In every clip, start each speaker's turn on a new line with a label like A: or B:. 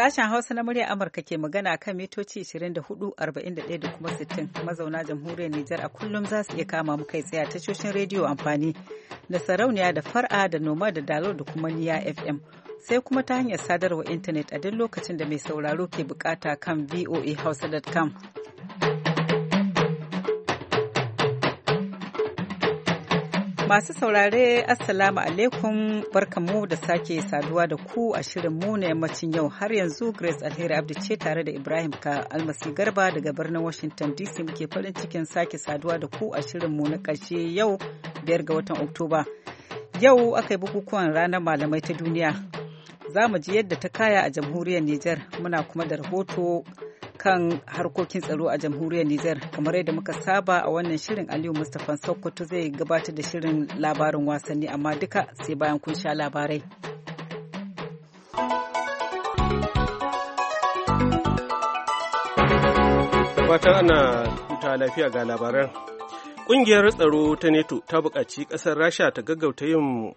A: Sashen Hausa na murya Amurka ke magana kan mitoci 24,41 da kuma 60 mazauna jamhuriyar Nijar a kullum za su iya kama mu kai tsaye tashoshin rediyo amfani da sarauniya da far'a da noma da dalo da kuma niya FM. Sai kuma ta hanyar sadarwa intanet a duk lokacin da mai sauraro ke bukata kan VOA voahausa.com. Masu saurare Assalamu alaikum barkamu da sake saduwa da ku a shirin mu na yammacin yau har yanzu Grace Alheri Abdu ce tare da Ibrahim ka almasi garba daga birnin Washington DC muke farin cikin sake saduwa da ku a shirin mu na ƙarshe yau biyar ga watan Oktoba. Yau aka yi bukukuwan ranar malamai ta duniya. Za mu ji yadda ta kaya a jamhuriyar Nijar muna kuma da rahoto kan harkokin tsaro a jamhuriyar Nijar kamar yadda muka saba a wannan shirin Aliyu Mustapha Sokoto zai gabatar da shirin labarin wasanni amma duka sai bayan kun sha labarai.
B: Fatan ana huta lafiya ga labaran. Ƙungiyar tsaro ta NATO ta buƙaci ƙasar Rasha ta gaggauta yin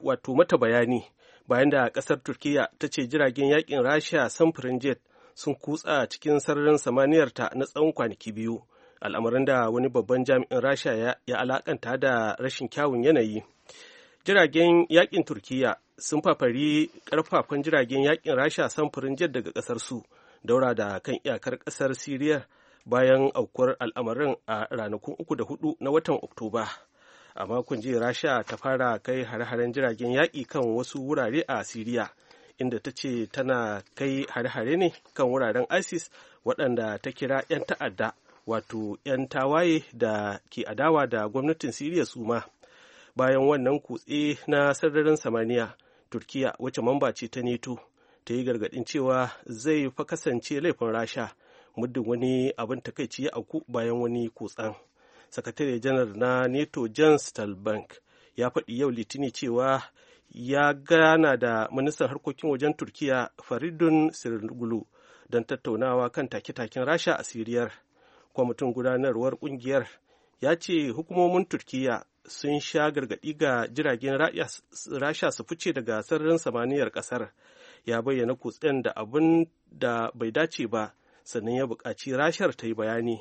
B: wato mata bayani bayan da ƙasar Turkiyya ta ce jiragen yakin Rasha samfurin jet sun kutsa cikin sararin samaniyarta na tsawon kwanaki biyu al'amarin da wani babban jami'in rasha ya alakanta da rashin kyawun yanayi jiragen yakin turkiya sun fafari karfafan jiragen yakin rasha samfurin jet daga kasar su daura da kan iyakar kasar siriya bayan aukuwar al'amarin a ranakun uku da hudu na watan oktoba a makon jiya rasha ta fara kai hare-haren jiragen yaƙi kan wasu wurare a siriya inda ta ce tana kai hare-hare ne kan wuraren isis waɗanda ta kira 'yan ta'adda wato 'yan tawaye da ke adawa da gwamnatin siriya su ma bayan wannan kutse na sararin samaniya turkiya wacce mamba ce ta neto ta yi gargaɗin cewa zai fa kasance laifin rasha muddin wani abin takaici ya auku bayan wani kutsen sakatare janar na neto jan stalbank ya faɗi yau litini cewa ya gana da ministan harkokin wajen turkiya faridun sirgulu don tattaunawa kan take-taken rasha a siriyar kwamitin gudanarwar kungiyar ya ce hukumomin turkiya sun sha gargaɗi ga jiragen rasha su fice daga sararin samaniyar ƙasar ya bayyana kutsen da abin da bai dace ba sannan ya buƙaci rashar ta yi bayani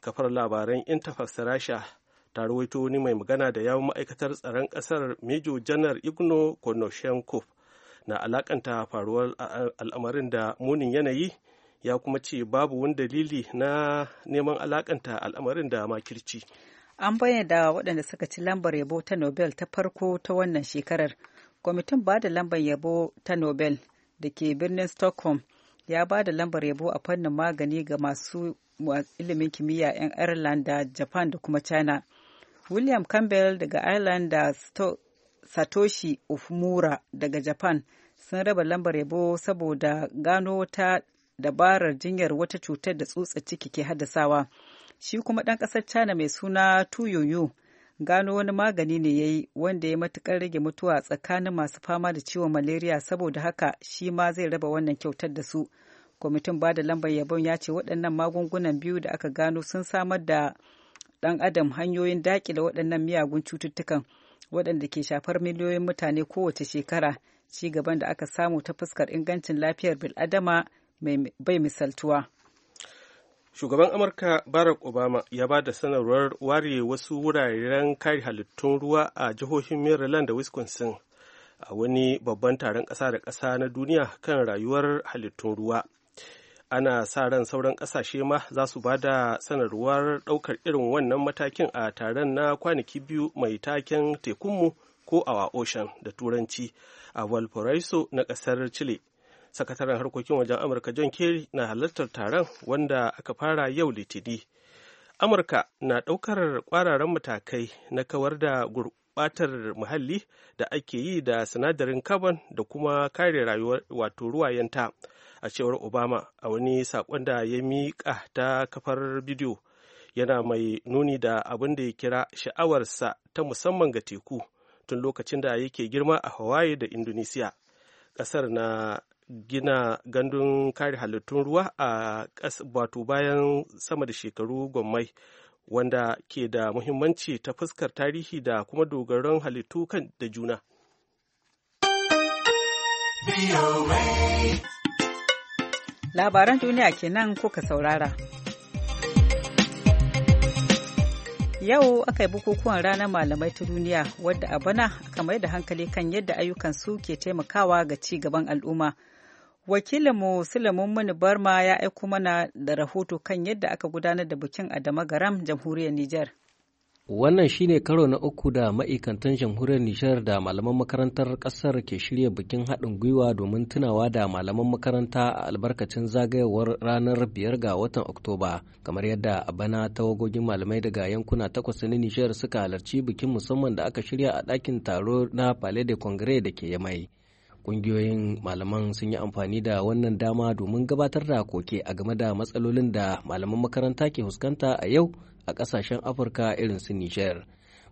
B: kafar labaran intafax rasha ta rawaito wani mai magana da yawon ma'aikatar tsaron ƙasar mejo janar igno konoshenkov na alakanta faruwar al'amarin da munin yanayi ya kuma ce babu wani dalili na neman alakanta al'amarin da makirci
A: an bayyana waɗanda suka ci lambar yabo ta nobel ta farko ta wannan shekarar kwamitin ba da lambar yabo ta nobel da ke birnin stockholm ya ba da lambar yabo a fannin magani ga masu ilimin kimiyya 'yan ireland da japan da kuma china William Campbell daga Ireland da Satoshi Ufumura daga Japan sun raba lambar yabo saboda gano ta dabarar jinyar wata cutar da tsutsa ciki ke haddasawa. Shi kuma ɗan ƙasar China mai suna Tuyoyo gano wani magani ne ya yi wanda ya matuƙar rage mutuwa tsakanin masu fama da ciwon malaria saboda haka shi ma zai raba wannan kyautar da su. Kwamitin ba da lambar yabon ya ce waɗannan magungunan biyu da aka gano sun samar da ɗan adam hanyoyin dakile waɗannan miyagun cututtukan waɗanda ke shafar miliyoyin mutane kowace shekara ci gaban da aka samu ta fuskar ingancin lafiyar bil'adama bai misaltuwa.
B: Shugaban Amurka Barack Obama ya ba da sanarwar ware wasu wuraren kare halittun ruwa a jihohin Maryland da Wisconsin a wani babban taron ƙasa da ƙasa na duniya kan rayuwar halittun ruwa. ana sa ran sauran ƙasashe ma za su ba da sanarwar ɗaukar irin wannan matakin a taron na kwanaki biyu mai taken tekunmu ko awa ocean da turanci a valparaiso na ƙasar chile sakataren harkokin wajen amurka john kerry na halartar taron wanda aka fara yau litini amurka na ɗaukar ƙwararan matakai na kawar da gurɓatar muhalli da ake yi da sinadarin carbon da kuma kare rayuwar wato ruwayenta. ta a cewar obama a wani saƙon da ya miƙa ta kafar bidiyo yana mai nuni da abin da ya kira sha'awarsa ta musamman ga teku tun lokacin da yake girma a hawaii da indonesia ƙasar na gina gandun kare halittun ruwa a wato bayan sama da shekaru gwammai wanda ke da muhimmanci ta fuskar tarihi da kuma dogaron halittu kan da juna.
A: Labaran duniya kenan kuka saurara. Yau aka yi bukukuwan ranar malamai ta duniya wadda a bana aka mai da hankali kan yadda ayyukan su ke taimakawa ga ci gaban al'umma. Wakilinmu Sulaimun Muni Barma ya aiko mana da rahoto kan yadda aka gudanar da bikin a Damagaram, jamhuriyar Nijar.
C: Wannan shine karo na uku da ma'aikatan jamhuriyar nishar da malaman makarantar ƙasar ke shirya bikin haɗin gwiwa domin tunawa da malaman makaranta a albarkacin zagayowar ranar biyar ga watan Oktoba, kamar yadda a bana tawagogin malamai daga yankuna takwas na nishar suka halarci bikin musamman da aka shirya a ɗakin taro na Palais de Congrès da ke Yamai. ƙungiyoyin malaman sun yi amfani da wannan dama domin gabatar da koke a game da matsalolin da malaman makaranta ke fuskanta a yau a ƙasashen Afirka irin su Niger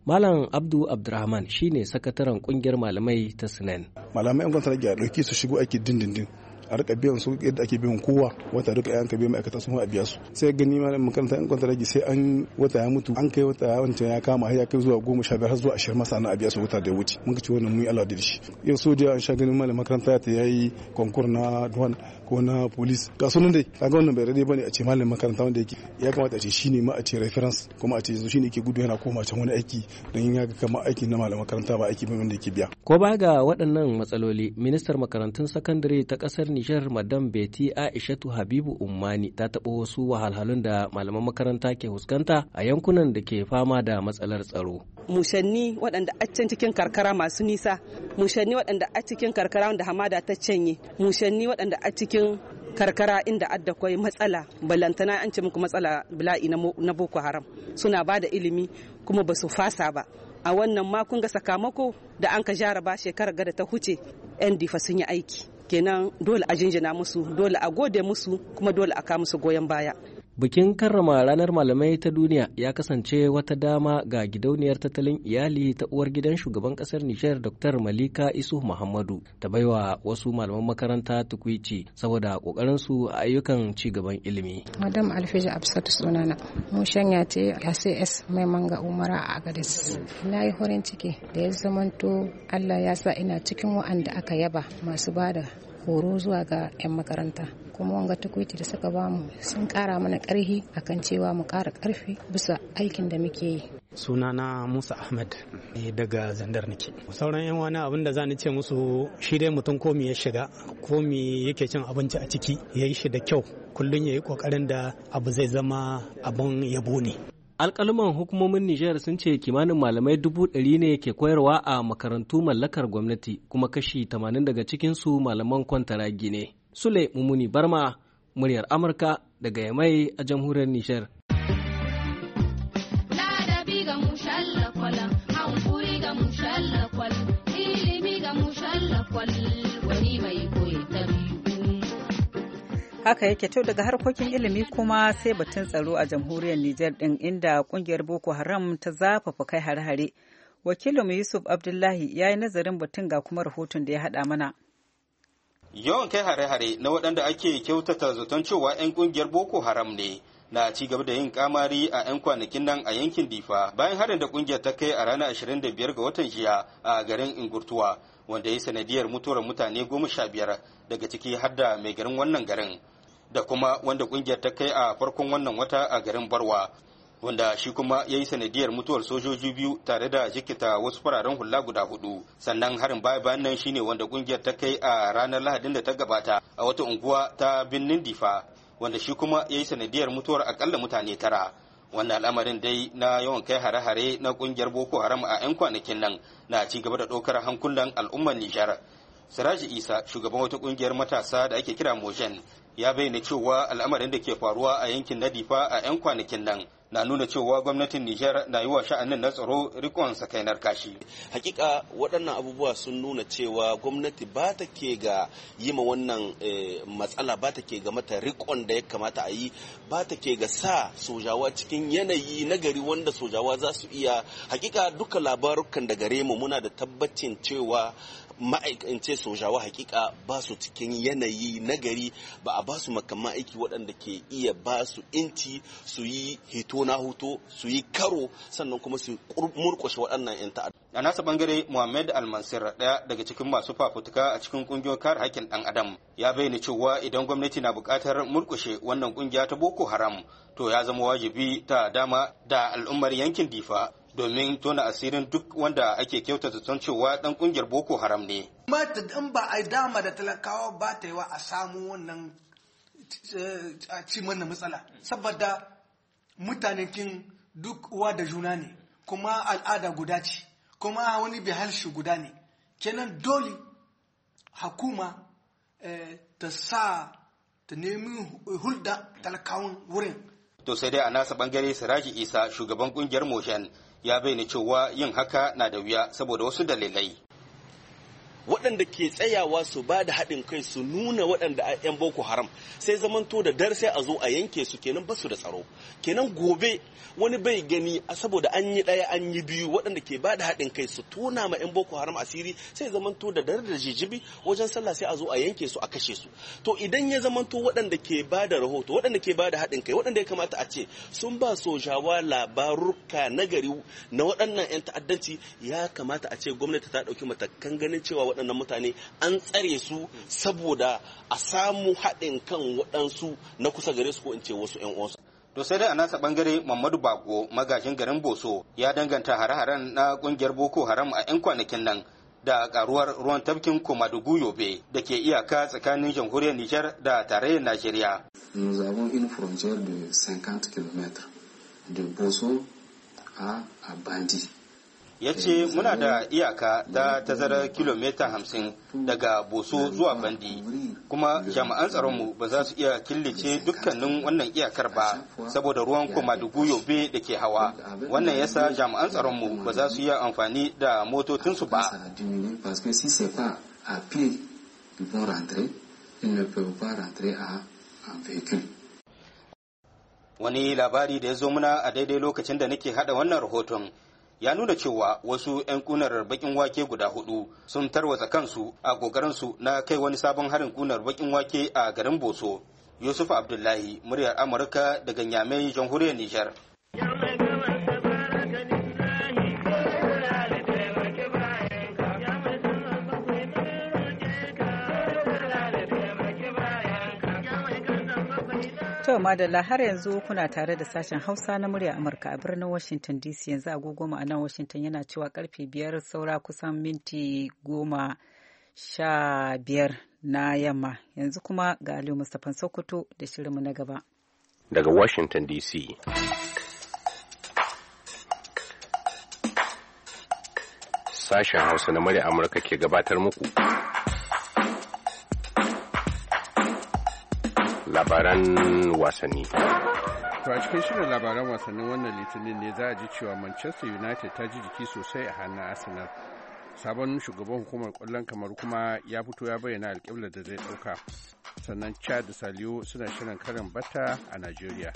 C: Malam Abdu Abdurrahman shine sakataren kungiyar malamai ta Sinan. Malamai 'yan gwamnati
D: a ɗauki su shigo aiki dindindin. a rika biyan su yadda ake biyan kowa wata rika yanka biyan ma'aikata sun a biya su sai gani ma makaranta yan kwanta rage sai an wata ya mutu an kai wata ya wancan ya kama har ya kai zuwa goma sha biyar har zuwa ashirin masa na a biya su wata da ya wuce mun ci wannan mun yi ala da shi yau sojiya an sha ganin malam makaranta ta yayi konkur na duwan ko na police ga sunan dai kaga wannan bai daidai bane a ce malamin makaranta wanda yake ya kamata a ce shine ma a ce reference kuma a ce yanzu shine yake gudu yana koma can wani aiki don ya ga kamar aiki na malamin makaranta ba aiki bane wanda yake biya
C: ko ba ga waɗannan matsaloli ministar makarantun sakandare ta ƙasar Nijar madam Betty Aishatu Habibu Ummani ta taɓa wasu wahalhalun da malaman makaranta ke fuskanta a yankunan da ke fama da matsalar tsaro
A: mushanni waɗanda a can cikin karkara masu nisa mushanni waɗanda a cikin karkara wanda hamada ta canye mushanni waɗanda a cikin karkara inda adda kwai matsala balantana an ce muku matsala bala'i na boko haram suna ba da ilimi kuma ba su fasa ba a wannan makon ga sakamako da an ka jaraba shekarar gada ta huce yan difa sun yi aiki kenan dole a jinjina musu dole a gode musu kuma dole a ka musu goyon baya
C: Bikin karrama ranar malamai ta duniya ya kasance wata dama ga gidauniyar tattalin iyali ta uwar gidan shugaban kasar Nijar Dr. Malika Isu Muhammadu ta baiwa wasu malaman makaranta tukwici saboda kokarin su a ayyukan ci gaban ilimi.
A: Madam Alfija Absatu sunana, mun shanya ce a CS mai manga Umara a Agadis. Na yi horin ciki da ya zamanto Allah ya sa ina cikin wa'anda aka yaba masu bada horo zuwa ga 'yan makaranta. kuma wanga tukuiti da suka bamu sun kara mana karfi a kan cewa mu kara karfi bisa aikin da muke yi
E: sunana musa ahmed daga zandar nake sauran yan wani abin da zani ce musu shi dai mutum
D: komi ya shiga komi yake cin abinci a ciki ya yi shi da kyau kullum ya yi kokarin da abu zai zama abin yabo ne
C: alkaluman hukumomin Nijar sun ce kimanin malamai dubu ɗari ne ke koyarwa a makarantu mallakar gwamnati kuma kashi 80 daga cikinsu malaman kwantaragi ne. Sule Mumuni Barma, muryar Amurka daga Yamai a jamhuriyar Nijar.
A: haka yake to daga harkokin ilimi kuma sai batun tsaro a jamhuriyar Nijar din inda kungiyar Boko Haram ta zafafa kai hare-hare. Wakilinmu Yusuf Abdullahi ya yi nazarin batun ga kuma rahoton da ya haɗa mana.
E: yawan kai hare-hare na waɗanda ake kyautata zaton cewa 'yan ƙungiyar boko haram ne na ci gaba da yin kamari a 'yan kwanakin nan a yankin difa bayan harin da ƙungiyar ta kai a ranar 25 ga watan jiya a garin ingurtuwa wanda ya sanadiyar mutuwar mutane goma sha biyar daga ciki har da mai garin wannan garin da kuma wanda ƙungiyar ta kai a farkon wannan wata a garin barwa wanda shi kuma ya yi sanadiyar mutuwar sojoji biyu tare da jikita wasu fararen hula guda hudu sannan harin baya bayan nan shine wanda kungiyar ta kai a ranar lahadin da ta gabata a wata unguwa ta birnin difa wanda shi kuma ya yi sanadiyar mutuwar akalla mutane tara wannan al'amarin dai na yawan kai hare-hare na kungiyar boko haram a 'yan kwanakin nan na ci gaba da ɗaukar hankulan al'ummar nijar siraji isa shugaban wata kungiyar matasa da ake kira mojen ya bayyana cewa al'amarin da ke faruwa a yankin na difa a 'yan kwanakin nan na nuna cewa gwamnatin Nijar na yi wa sha'anin na tsaro
D: rikon sakainar kashi. Hakika waɗannan abubuwa sun nuna cewa gwamnati ba ta ke ga yi ma wannan eh, matsala ba ta ke ga mata rikon da ya kamata a yi ba ta ke ga sa sojawa cikin yanayi na gari wanda sojawa za su iya hakika duka labarukan da gare mu muna da tabbacin cewa ma'aikance sojawa hakika ba su cikin yanayi nagari ba a ba su makamman aiki waɗanda ke iya ba su inci su yi hito na hoto su yi karo sannan kuma su murkushe
E: waɗannan 'yan ta'adda. a nasa bangare muhammad almansir ɗaya daga cikin masu fafutuka a cikin ƙungiyar kare haƙƙin ɗan adam ya bayyana cewa idan gwamnati na buƙatar murkushe wannan ƙungiya ta boko haram to ya zama wajibi ta dama da al'ummar yankin difa domin tona asirin duk wanda ake kyautata son cewa dan kungiyar boko haram ne
D: mata dan ba a dama da talakawa ba ta yi wa a samu wannan eh, a ci mana matsala saboda mutanen kin duk uwa da juna ne kuma al'ada guda ce kuma wani bihalshi guda ne kenan dole hakuma eh, ta sa ta nemi hulda talakawan wurin
E: to sai dai a nasa bangare siraji isa shugaban kungiyar motion ya bayyana cewa
D: yin haka na da wuya saboda wasu dalilai waɗanda ke tsayawa su ba da haɗin kai su nuna waɗanda a 'yan boko haram sai zamanto da dar sai a zo a yanke su kenan basu da tsaro kenan gobe wani bai gani a saboda an yi ɗaya an yi biyu waɗanda ke ba da haɗin kai su tona ma 'yan boko haram asiri sai zamanto da dar da jijibi wajen sallah sai a zo a yanke su a kashe su to idan ya zamanto waɗanda ke ba da rahoto waɗanda ke ba da haɗin kai waɗanda ya kamata a ce sun ba sojawa labaruka nagari na waɗannan 'yan ta'addanci ya kamata a ce gwamnati ta ɗauki matakan ganin cewa waɗannan mutane an tsare su saboda a samu haɗin kan waɗansu na kusa gare su ko in ce wasu
E: 'yan uwansu to sai dai a nasa bangare Muhammadu Bako magajin garin Boso ya danganta hare-haren na kungiyar Boko Haram a 'yan kwanakin nan da karuwar ruwan tafkin Komadugu Yobe da ke iyaka tsakanin jamhuriyar Nijar da tarayyar Najeriya.
D: Nous avons une frontière
E: de 50 km de Boso à ya ce muna da iyaka ta tazarar kilomita hamsin daga boso zuwa bandi kuma jami'an tsaronmu ba za su iya killace dukkanin wannan iyakar ba saboda ruwan dubu yobe da ke hawa wannan yasa jami'an tsaronmu ba za su iya amfani da motocinsu ba wani labari da ya zo muna a daidai lokacin da nake hada wannan rahoton ya nuna cewa wasu 'yan kunar bakin wake guda hudu sun tarwatsa kansu a su na kai wani sabon harin kunar bakin wake a garin boso yusuf abdullahi muryar amurka daga nyamai jamhuriyar nijar
A: To madalla har yanzu kuna tare da sashen Hausa na murya Amurka a birnin Washington DC yanzu agogo a nan Washington yana cewa karfe biyar saura kusan minti goma sha biyar na yamma yanzu kuma ga Aliyu Mustapha Sokoto da shirinmu na gaba.
E: Daga
F: Washington DC. Sashen Hausa na murya Amurka ke gabatar muku. labaran wasanni. To a cikin shirin labaran wasannin wannan litinin ne za a ji cewa Manchester United ta ji jiki sosai a hannun Arsenal. Sabon shugaban hukumar kwallon kamar kuma ya fito ya bayyana alƙiblar da zai ɗauka. Sannan Chad da Saliyo suna shirin karin bata a Najeriya.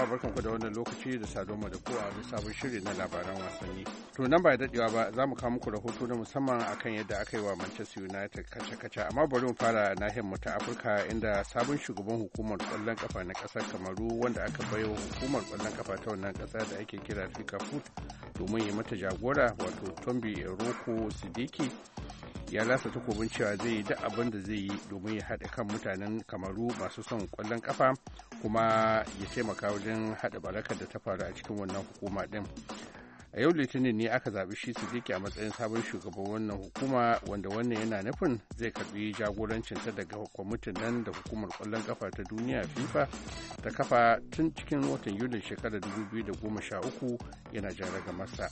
F: jama'a barkanku da wannan lokaci da sadoma da kowa da sabon shiri na labaran wasanni. To nan ba dadewa ba za mu kawo muku rahoto na musamman akan yadda aka yi wa Manchester United kace-kace amma bari mu fara nahiyar mu ta Afirka inda sabon shugaban hukumar kwallon kafa na kasar Kamaru wanda aka bayo hukumar kwallon kafa ta wannan kasar da ake kira FIFA Foot domin yi mata jagora wato Tombi Eroko Sidiki ya lasa takobin cewa zai yi duk abin da zai yi domin ya haɗa kan mutanen kamaru masu son kwallon ƙafa kuma ya taimaka wajen haɗa barakar da ta faru a cikin wannan hukuma ɗin a yau litinin ne aka zaɓi shi su a matsayin sabon shugaban wannan hukuma wanda wannan yana nufin zai karɓi jagorancinta daga kwamitin nan da hukumar kwallon ƙafa ta duniya fifa ta kafa tun cikin watan yulin shekarar 2013 yana jan masa.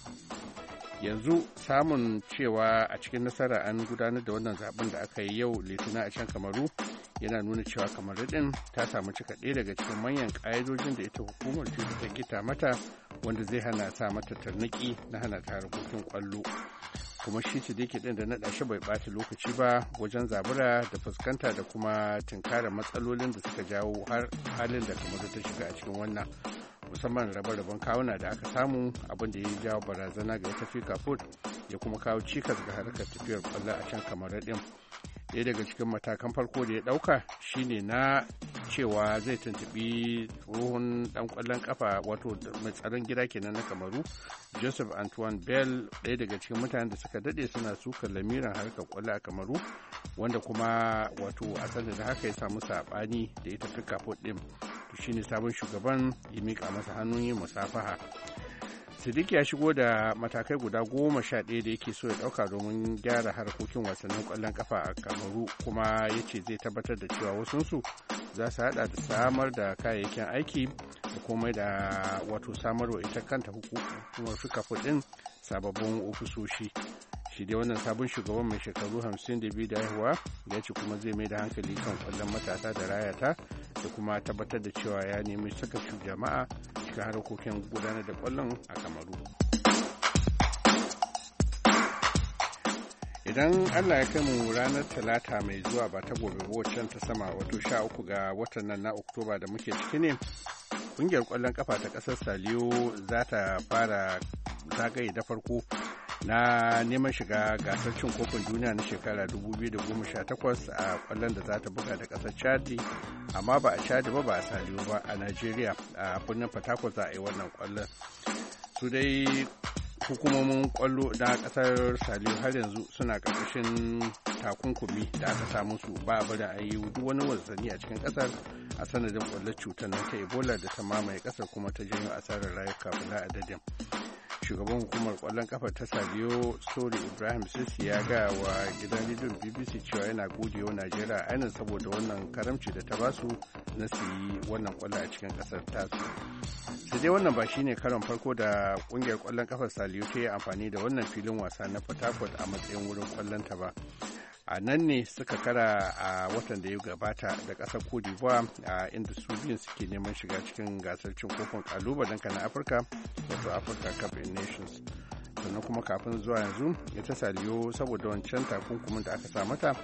F: yanzu samun cewa a cikin nasara an gudanar da wannan zaben da aka yi yau litinin a can kamaru yana nuna cewa kamaru din ta samu cika ɗaya daga cikin manyan ƙa'idojin da ita hukumar ce ta gita mata wanda zai hana sa mata tarniki na hana ta harkokin kwallo kuma shi ce dake din da naɗa shi bai ɓata lokaci ba wajen zabura da fuskanta da kuma tunkarar matsalolin da suka jawo har halin da kamaru ta shiga a cikin wannan musamman rabe-raben kawuna da aka samu abin da ya jawo barazana ga wata fika food ya kuma kawo cikas ga harkar tafiyar kwallo a can kamar din ɗaya daga cikin matakan farko da ya ɗauka shine na cewa zai tuntuɓi ruhun ɗan ƙwallon kafa wato mai tsaron gida kenan na kamaru joseph antoine bell ɗaya daga cikin mutanen da suka daɗe suna suka lamirin harkar kwallo a kamaru wanda kuma wato a da haka ya samu saɓani da ita fika ɗin shine sabon shugaban ya miƙa masa hannun yin musafaha sadiq ya shigo da matakai guda goma sha ɗaya da yake so ya ɗauka domin gyara harkokin wasannin ƙwallon ƙafa a kamaru kuma ya ce zai tabbatar da cewa wasunsu za su haɗa da samar da kayayyakin aiki da komai da wato samarwa ita kanta hukumar fika ɗin sababbin ofisoshi shi dai wannan sabon shugaban mai shekaru 52 da haihuwa ya ce kuma zai mai da hankali kan kwallon matasa da rayata da kuma tabbatar da cewa ya nemi saka jama'a cikin harkokin gudanar da kwallon a kamaru idan allah ya kai mu ranar talata mai zuwa ba ta gobe wacan ta sama wato sha uku ga watan nan na oktoba da muke ciki ne kungiyar kwallon kafa ta kasar saliyo za ta fara zagaye da farko na neman shiga gasar cin kofin duniya na shekara 2018 a kwallon da za ta buga da kasar chadi amma ba a chadi ba ba a saliyo ba a nigeria a birnin fatakwa za a yi wannan kwallon su dai hukumomin kwallo na kasar saliyo har yanzu suna karkashin takunkumi da aka samu su ba a bari a yi duk wani wasanni a cikin kasar a sanadin kwallon cutar na ta ebola da ta mamaye kasar kuma ta janyo asarar rayuka a adadin shugaban hukumar kwallon kafa ta sabiyo sori ibrahim sisi ya ga wa gidan rediyon bbc cewa yana gode wa najeriya ainihin saboda wannan karamci da ta basu na su yi wannan kwallo a cikin kasar tasu sai dai wannan ba shine karon farko da kungiyar kwallon kafar saliyo ta yi amfani da wannan filin wasa na fatakwal a matsayin wurin kwallon ta ba a nan ne suka kara a watan da ya gabata da ƙasar cote a inda su biyun suke neman shiga cikin gasar cin kofin kalubalen na afirka wato afirka cup in nations sannan kuma kafin zuwa yanzu ya ta saliyo saboda wancan takunkumin da aka sa mata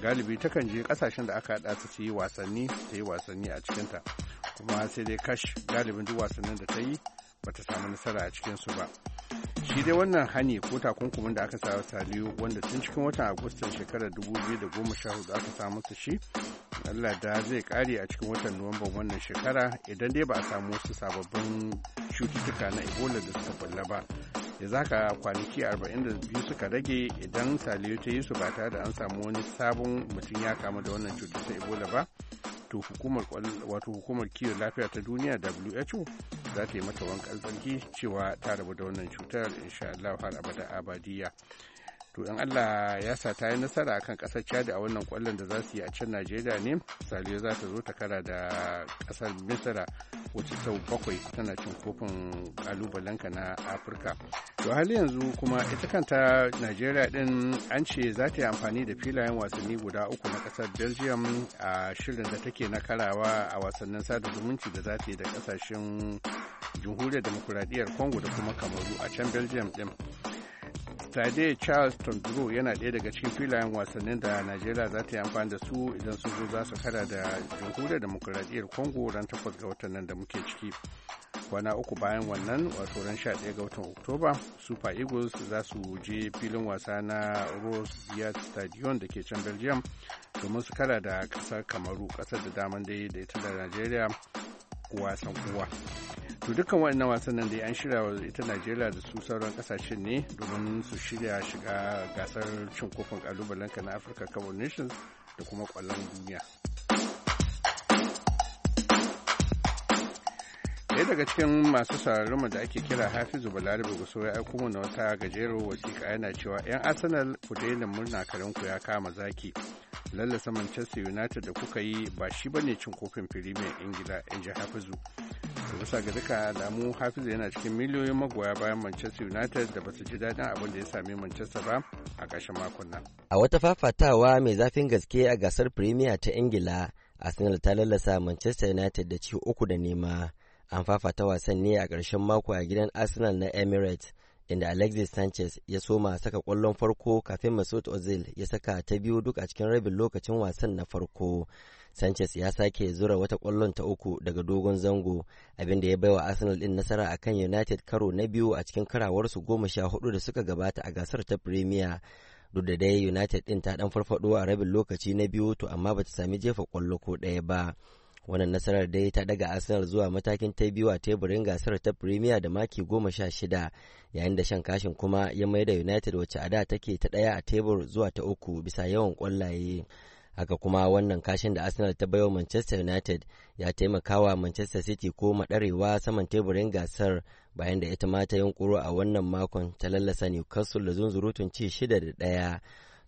F: galibi takan je kasashen da aka haɗa su yi wasanni ta yi wasanni a cikinta kuma sai dai kash galibin duk wasannin da ta yi ba ta samu nasara a cikinsu ba shi dai wannan hani ko takunkumin da aka sa saliyo wanda tun cikin watan agustan shekarar 2014 aka samu su shi allah da zai kare a cikin watan nuwamban wannan shekara idan dai ba a samu wasu sababbin cututtuka na ebola da suka bulla ba da ka kwanaki 42 suka rage idan saliyo ta yi su ba tare da an samu wani sabon mutum ya kamu da wannan cutar ta ebola ba wato hukumar wato hukumar kiwon lafiya ta duniya WHO za ta yi mata wankan tsarki cewa ta rabu da wannan cutar insha Allah har abada abadiya to in allah ya sa ta yi nasara akan kasar chad a wannan kwallon da za su yi a can najeriya ne saliyo za ta zo ta kara da kasar misra wacce sau bakwai tana cin kofin kalubalenka na afirka to har yanzu kuma ita kanta najeriya din an ce za ta yi amfani da filayen wasanni guda uku na kasar belgium a shirin da take na karawa a wasannin sada zumunci da za ta yi da kasashen jamhuriyar demokuraɗiyyar congo da kuma kamaru a can belgium din Sade Charles Tonduro yana ɗaya daga cikin filayen wasannin da Najeriya za ta yi amfani da su idan sun zo za su kara da jamhuriyar demokuraɗiyyar Congo ran takwas ga watan nan da muke ciki. Kwana uku bayan wannan wato ran sha ɗaya ga watan Oktoba, Super Eagles za su je filin wasa na Rose Beard Stadion da ke can Belgium domin su kara da ƙasar Kamaru ƙasar da daman dai da ita da Najeriya wasan kowa. to dukkan waɗannan wasannin da an shirya wa ita najeriya da su sauran kasashen ne domin su shirya shiga gasar cin kofin kalubalenka na afirka cup nations da kuma kwallon duniya ɗaya daga cikin masu sararin da ake kira hafizu balarabe guso ya aiko mana wata gajeru wasiƙa yana cewa 'yan arsenal ku daina murna ku ya kama zaki lallasa manchester united da kuka yi ba shi bane cin kofin firimin ingila in ji hafizu bisa ga duka damu hafizu yana cikin miliyoyin magoya bayan manchester united da basu ji daɗin abin da ya sami manchester ba a ƙarshen makon
G: nan a wata fafatawa mai zafin gaske a gasar premier ta ingila arsenal ta lallasa manchester united da ci uku da nema an fafata wasan ne a ƙarshen mako a gidan arsenal na emirates inda Alexis Sanchez ya soma saka kwallon farko kafin Masoud Ozil ya saka ta biyu duk a cikin rabin lokacin wasan na farko. Sanchez ya sake zura wata kwallon ta uku daga dogon zango abinda ya baiwa Arsenal din nasara akan United karo na biyu a cikin karawarsu goma sha hudu da suka gabata a gasar ta Premier. Duk da dai United din ta dan farfaɗo a rabin lokaci na biyu to amma bata sami jefa kwallo ko ɗaya ba. wannan nasarar dai ta daga arsenal zuwa matakin ta biyu a teburin gasar ta premier da maki goma sha shida yayin da shan kashin kuma ya mai da united wacce a da take ta daya a tebur zuwa ta uku bisa yawan kwallaye haka kuma wannan kashin da arsenal ta baiwa manchester united ya taimakawa manchester city ko madarewa saman teburin gasar bayan da ita ma ta yunkuro a wannan makon ta lallasa newcastle da zunzurutun ci shida da daya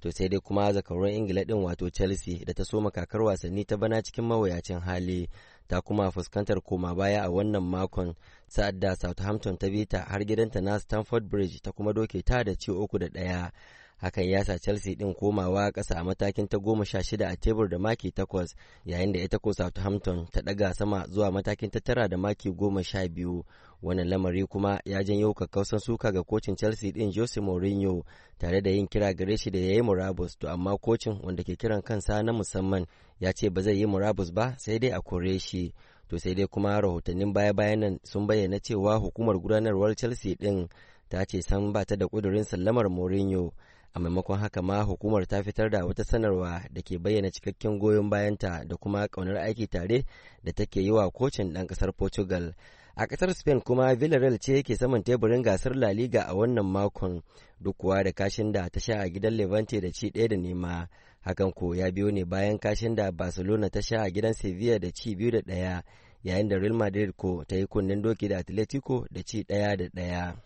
G: to sai dai kuma zakarun ingila din wato chelsea da ta soma kakar wasanni ta bana cikin mawuyacin hali ta kuma fuskantar koma baya a wannan makon sa'ad da southampton ta bita har gidanta na stamford bridge ta kuma doke ta da ci uku da ɗaya hakan ya sa chelsea din komawa ƙasa a matakin ta goma sha shida a tebur da maki takwas yayin da ita ko southampton ta ɗaga sama zuwa matakin ta tara da maki goma sha biyu wannan lamari kuma ya janyo kakkausan suka ga kocin chelsea din jose mourinho tare da yin kira gare shi da ya yi murabus to amma kocin wanda ke kiran kansa na musamman ya ce ba zai yi murabus ba sai dai a kore shi to sai dai kuma rahotannin baya-bayan nan sun bayyana cewa hukumar gudanarwar chelsea din ta ce san ba ta da kudurin sallamar mourinho a maimakon haka ma hukumar ta fitar da wata sanarwa da ke bayyana cikakken goyon bayanta da kuma kaunar aiki tare da take yi wa kocin ɗan ƙasar portugal A ƙasar Spain kuma Villarreal ce ke saman teburin gasar La Liga a wannan makon duk kuwa da kashin da ta sha a gidan Levante da ci ɗaya da nema. Hakan ko ya biyo ne bayan kashin da Barcelona ta sha a gidan Sevilla da ci biyu da ɗaya yayin da Real Madrid ko ta yi kunnen doki da Atletico da ci ɗaya da ɗaya.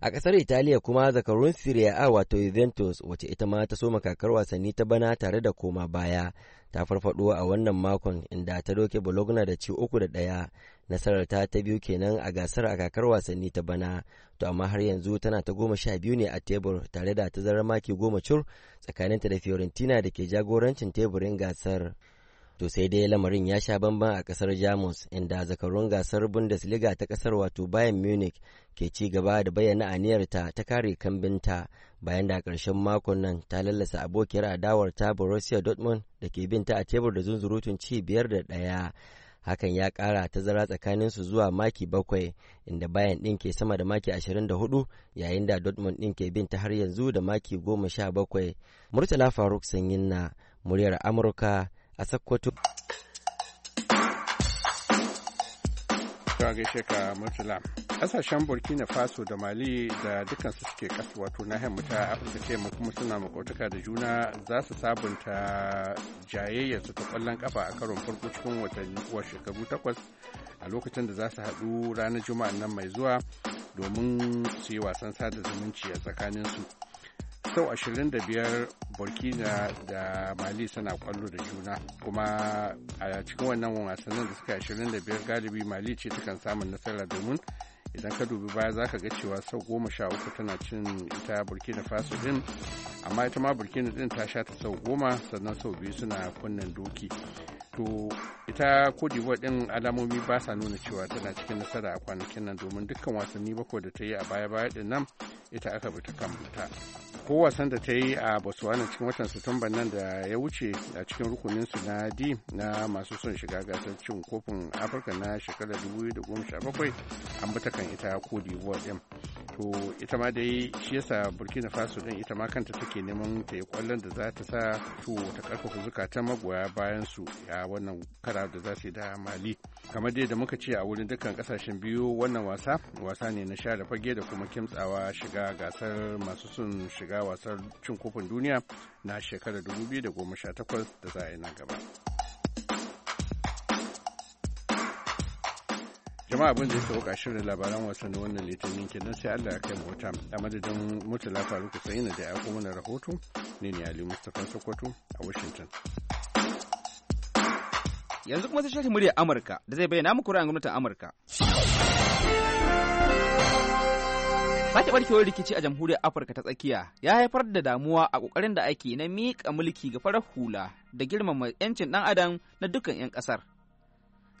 G: A ƙasar Italiya kuma zakarun Serie A wato Juventus wace ita ma ta soma kakar wasanni ta bana tare da koma baya ta farfado a wannan makon inda ta doke Bologna da ci uku da ɗaya nasarar ta ta biyu kenan a gasar a kakar wasanni ta bana to amma har yanzu tana ta goma sha biyu ne a tebur tare da tazarar maki goma cur tsakaninta da fiorentina da ke jagorancin teburin gasar to sai dai lamarin ya sha bamban a kasar jamus inda zakarun gasar bundesliga ta kasar wato bayan munich ke ci gaba da bayyana aniyarta ta kare kambinta bayan da karshen makon nan ta lallasa abokiyar adawar ta borussia dortmund da ke binta a tebur da zunzurutun ci biyar da ɗaya hakan ya ƙara tazara tsakanin su zuwa maki bakwai inda bayan ɗin ke sama da maki 24 yayin da dortmund ɗin ke bin ta har yanzu da maki 17 murtala faruk sanyin na muryar amurka a sakkwato
F: ka gaishe ka murtala kasashen burkina faso da mali da dukansu suke kasu wato na ta afirka ta yamma kuma suna makwataka da juna za su sabunta jayayyarsu ta kwallon kafa a karon farko cikin watanni shekaru takwas a lokacin da za su haɗu ranar juma'a nan mai zuwa domin su yi wasan sada zumunci a tsakanin su sau 25 burkina da mali suna kwallo da juna kuma a cikin wannan wasannin da suka 25 galibi mali ce takan samun nasara domin idan ka dubi baya za ka ga cewa sau goma sha uku tana cin ita burkina faso din amma ita ma burkina din ta sha ta sau goma sannan sau biyu suna kunnen doki to ita cote d'ivoire din alamomi ba sa nuna cewa tana cikin nasara a kwanakin nan domin dukkan wasanni bakwai da ta yi a baya baya din nan ita aka bi ta kambuta ko wasan da ta yi a botswana cikin watan satumba nan da ya wuce a cikin rukunin su na d na masu son shiga gasar cin kofin afirka na shekarar 2017 an bi ta kan ita cote d'ivoire din to ita ma dai shi yasa burkina faso din ita ma kanta take neman ta yi kwallon da za ta sa to ta karfafa zukatan magoya bayan su ya wannan kara da za su yi da mali kamar dai da muka ce a wurin dukkan kasashen biyu wannan wasa wasa ne na share fage da kuma kimtsawa shiga gasar masu sun shiga wasar cin kofin duniya na shekarar 2018 da za a yi nan gaba. jama'a abin da ya sauka shirin labaran wasanni wannan litinin kenan sai allah ya kai mu wuta a madadin murtala faruku sai da ya kuma na rahoto ne ne ali mustapha sokoto a washington yanzu kuma
D: sai
H: shirin muryar amurka da zai bayyana muku ra'ayin gwamnatin amurka sake barkewar rikici a jamhuriyar afirka ta tsakiya ya haifar da damuwa a kokarin da ake na miƙa mulki ga farar hula da girmama 'yancin ɗan adam na dukkan 'yan ƙasar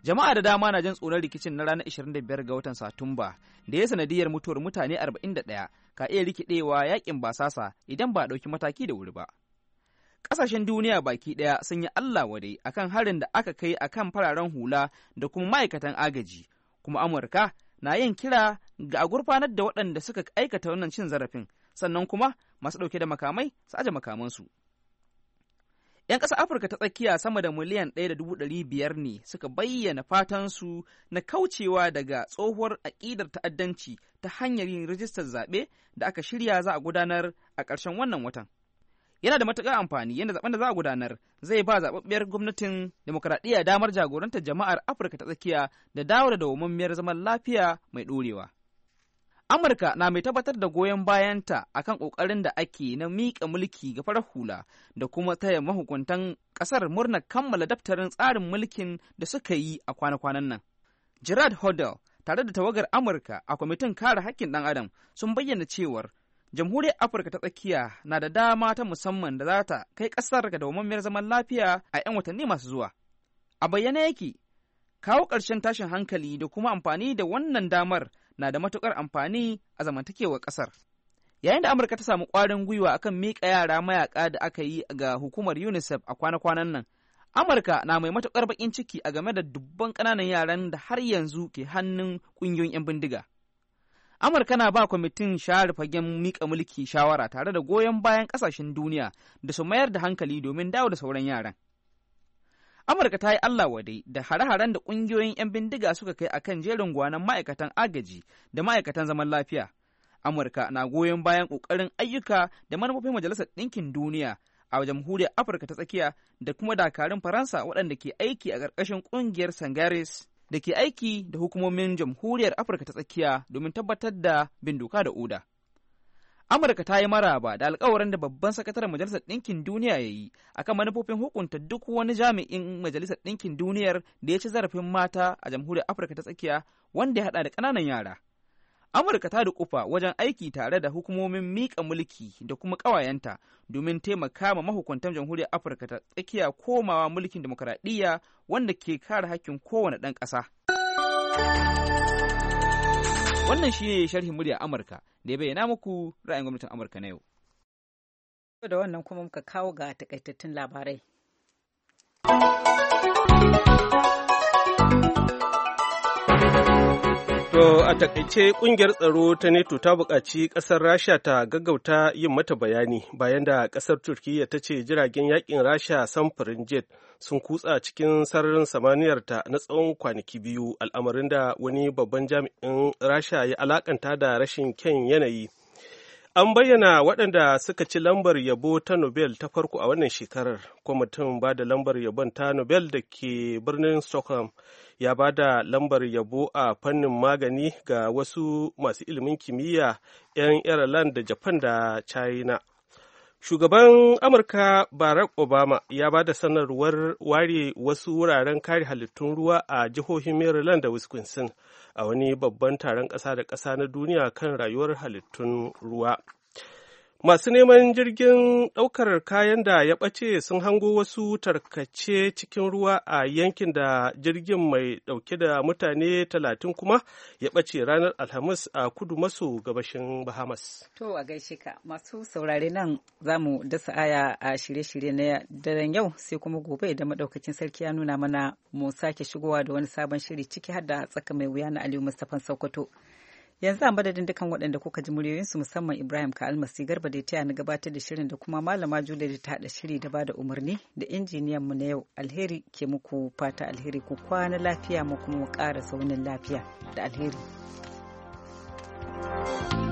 H: Jama'a da dama na jin tsoron rikicin na ranar 25 ga watan Satumba da ya sanadiyar mutuwar mutane 41 ka iya rikidewa yakin basasa idan ba a ɗauki mataki da wuri ba. Ƙasashen duniya baki ɗaya sun yi Allah wadai akan harin da aka kai akan fararen hula da kuma ma'aikatan agaji, kuma Amurka na yin kira ga a gurfanar da waɗanda suka aikata wannan cin zarafin, sannan kuma masu ɗauke da makamai su aje makamansu. ‘Yan ƙasar Afirka ta tsakiya sama da miliyan ɗaya da dubu ɗari biyar ne suka bayyana fatan su na kaucewa daga tsohuwar aƙidar ta'addanci ta hanyar yin rijistar zaɓe da aka shirya za a gudanar a ƙarshen wannan watan. Yana da matuƙar amfani yadda zaɓen da za a gudanar zai ba zaɓaɓɓiyar gwamnatin demokuraɗiyya damar jagorantar jama'ar Afirka ta tsakiya da dawo da dawwammamiyar zaman lafiya mai ɗorewa. Amurka na mai tabbatar da goyon bayanta kan kokarin da ake na miƙa mulki ga farar hula da kuma taya mahukuntan ƙasar murna kammala daftarin tsarin mulkin da suka yi a kwana-kwanan nan. Gerard Hodel tare da tawagar Amurka a kwamitin kare haƙƙin ɗan adam sun bayyana cewar jamhuriyar Afirka ta tsakiya na da dama ta musamman da za ta kai ƙasar ga dawamammiyar zaman lafiya a 'yan watanni masu zuwa. A bayyana yake kawo ƙarshen tashin hankali da kuma amfani da wannan damar na da matukar amfani a zamantakewar kasar. Yayin da Amurka ta samu ƙwarin gwiwa akan miƙa yara mayaƙa da aka yi ga hukumar UNICEF a kwana-kwanan nan, Amurka na mai matukar baƙin ciki a game da dubban ƙananan yaran da har yanzu ke hannun ƙungiyoyin 'yan bindiga. Amurka na ba kwamitin share fagen miƙa mulki shawara tare da goyon bayan ƙasashen duniya da su mayar da hankali domin dawo da sauran yaran. Amurka ta yi Allah wadai da hare-haren da ƙungiyoyin 'yan bindiga suka kai akan jerin gwanan ma'aikatan agaji da ma'aikatan zaman lafiya. Amurka na goyon bayan ƙoƙarin ayyuka da manufofin Majalisar Ɗinkin Duniya a jamhuriyar Afirka ta tsakiya da kuma dakarun Faransa waɗanda ke aiki a ƙarƙashin ƙungiyar Sangaris da ke aiki da hukumomin jamhuriyar Afirka ta tsakiya domin tabbatar da bin doka da oda. Amurka ta yi maraba da alkawarin da babban sakataren Majalisar Ɗinkin Duniya ya yi akan manufofin hukunta duk wani jami'in Majalisar Ɗinkin Duniyar da ya ci zarafin mata a Jamhuriyar Afirka ta Tsakiya wanda ya haɗa da ƙananan yara. Amurka ta dukufa wajen aiki tare da hukumomin miƙa mulki da kuma ƙawayenta domin taimaka ma mahukuntan Jamhuriyar Afirka ta Tsakiya komawa mulkin demokuraɗiyya wanda ke kare hakkin kowane ɗan ƙasa. Wannan shi ne sharhin murya Amurka da ya bayyana muku ra'ayin gwamnatin Amurka na yau.
A: Da wannan kuma muka kawo ga takaitattun labarai.
B: To a takaice kungiyar tsaro ta NETO ta buƙaci ƙasar Rasha ta gaggauta yin mata bayani bayan da ƙasar Turkiyya ta ce jiragen yakin Rasha samfurin jet sun kutsa cikin sararin samaniyarta na tsawon kwanaki biyu al'amarin da wani babban jami'in Rasha ya alakanta da rashin kyan yanayi. An bayyana waɗanda suka ci lambar yabo ta Nobel ta farko a wannan shekarar. Kwamitin ba da lambar yabon ta Nobel da ke birnin Stockholm ya ba da lambar yabo a fannin magani ga wasu masu ilimin kimiyya 'yan Ireland da Japan da China. Shugaban Amurka Barack Obama ya ba da sanarwar ware wasu wuraren kare halittun ruwa a jihohin Maryland da Wisconsin a wani babban taron ƙasa da ƙasa na duniya kan rayuwar halittun ruwa Masu neman jirgin ɗaukar kayan da ya ɓace sun hango wasu tarkace cikin ruwa a yankin da jirgin mai ɗauke da mutane talatin kuma ya ɓace ranar Alhamis a kudu maso
A: gabashin Bahamas. To a gaishe ka masu saurare nan za mu dasa aya a shirye-shirye na daren yau sai kuma gobe da maɗaukacin sarki ya nuna mana mu sake shigowa da wani sabon shiri ciki har da tsaka mai wuya na Aliyu Mustapha Sokoto. yanzu a madadin dukan waɗanda kuka ji muryoyinsu musamman ibrahim ka almasi garba da taya na gabatar da shirin da kuma malama julia da ta haɗa shiri da bada umarni da injiniyan mu na yau alheri ke muku fata alheri ku kwana lafiya mu kuma mu ƙara saunin lafiya da alheri thank you